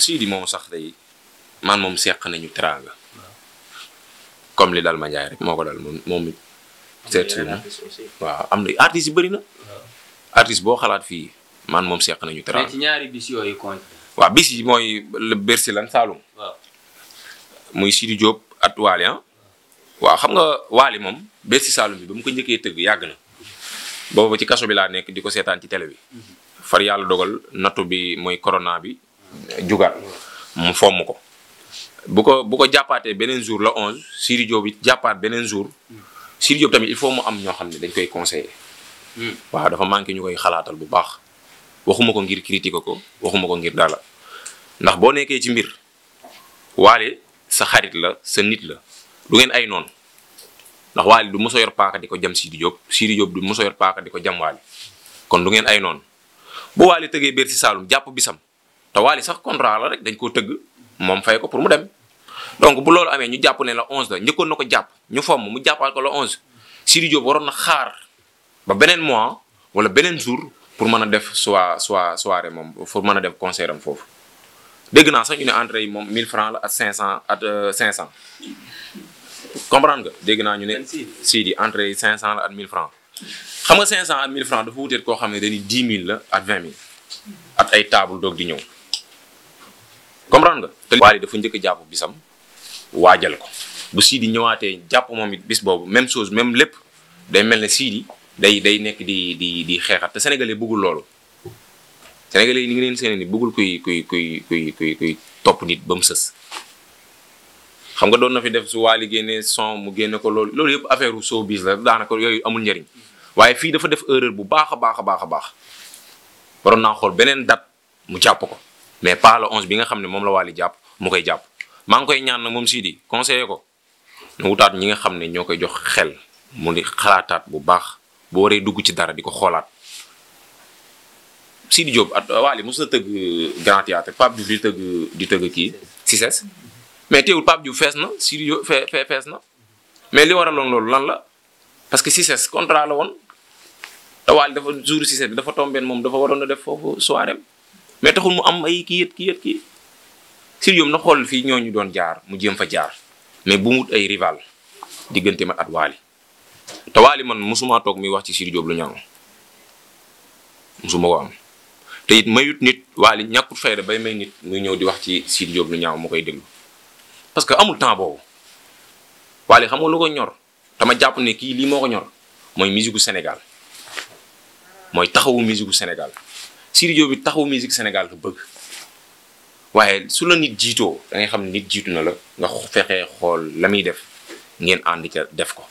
Sidi moom sax day man moom seq nañu teraanga comme li dal ma Ndiaye rek moo ko dal moom moom it seet na waaw am na artistes na artiste boo xalaat fii man moom seq nañu teraanga. mais ci ñaari bis yi mooy le Bercy lan saalum muy Sidi Diop at Waly ah. xam nga waali moom Bercy Saloum bi ba mu ko njëkkee tëgg yàgg na boobu ci kaso bi laa nekk di ko seetaan ci télé bi. Mhm. far yàlla dogal nattu bi mooy corona bi jugaat mu fomm ko bu ko bu ko jàppaatee beneen jour la 11 Siri Diop jàppaat beneen jour Siri Diop tamit il faut mu am ñoo xam ne dañ koy conseiller. waaw dafa manqué ñu koy xalaatal bu baax waxuma ko ngir critiquer ko waxuma ko ngir dara ndax boo nekkee ci mbir waale sa xarit la sa nit la du ngeen ay noon ndax waale du mos a yor paaka di ko jam Sidi Diop Sidi Diop du mos a paaka di ko jam waale kon du ngeen ay noon bu waale tëgee biir si Saalum jàpp bisam te Wally sax contrat la rek dañ koo tëgg moom fay ko pour mu dem donc bu loolu amee ñu jàpp ne la 11 la njëkkoon na ko jàpp ñu fomm mu jàppal ko la 11 Sidi Diop waroon na xaar ba beneen mois wala beneen jour pour mën a def soit soit soirée moom pour mën a def concert am foofu. dégg naa sax ñu ne entrée yi moom 1000 francs la ak 500 ak 500 euh, comprendre nga dégg naa ñu ne. Sidi entrée yi 500 la at mille francs xam nga 500 ak 1000 francs dafa wuteet koo xam ne dañuy 10 000 la ak 20 000 at ay table doog di ñëw. comprendre nga. te Wally dafa njëkk a jàpp bisam waajal ko bu Sidi ñëwaatee jàpp moom it bis boobu même chose même lépp day mel ne siidi day day nekk di di di xeexat te sénégalais bëggul loolu. sénégalais yi ni ngi leen seen buggul bëggul kuy kuy kuy kuy kuy topp nit ba mu sës xam nga doon na fi def su Wally génnee son mu génne ko loolu loolu yëpp affaire u biis la daanaka yooyu amul njariñ waaye fii dafa def erreur bu baax a baax a baax a baax waroon naa xool beneen dat mu jàpp ko. mais pas le 11 bi nga xam ne moom la Wally jàpp mu koy jàpp maa ngi koy ñaan na moom Sidi conseiller ko na wutaat ñi nga xam ne ñoo koy jox xel mu di xalaataat bu baax boo waree dugg ci dara di ko xoolaat Sidi Diop at euh, Wally mos na tëgg euh, grand théâtre Pape Diouf di tëgg di tëgg kii Cissesse mais teewul Pape fees na Sidi Diop fe fees na loolu lan la parce que Cissesse contrat la woon te Wally dafa jour Cissesse bi dafa tombeen moom dafa waroon a def foofu soirée mais taxul mu am ay kii yët kii yët kii na xool fii ñooñu doon jaar mu jëm fa jaar mais bu mut ay rival diggante ma at Waly te Waly man mosuma toog muy wax ci Sidy Diop lu ñaaw mosuma ko am te it mayut nit Waly ñàkkut fayda bay may nit muy ñëw di wax ci Sidy Diop lu ñaaw mu koy déglu parce que amul temps boobu Waly xam nga lu ko ñor dama jàpp ne kii lii moo ko ñor mooy musique gu Sénégal mooy taxawu musique gu Sénégal Sidy Diop bi taxawu musique senegal la bëgg waaye su la nit jiitoo da ngay xam ne nit jiitu na la nga fexee xool la muy def ngeen ànd ca def ko.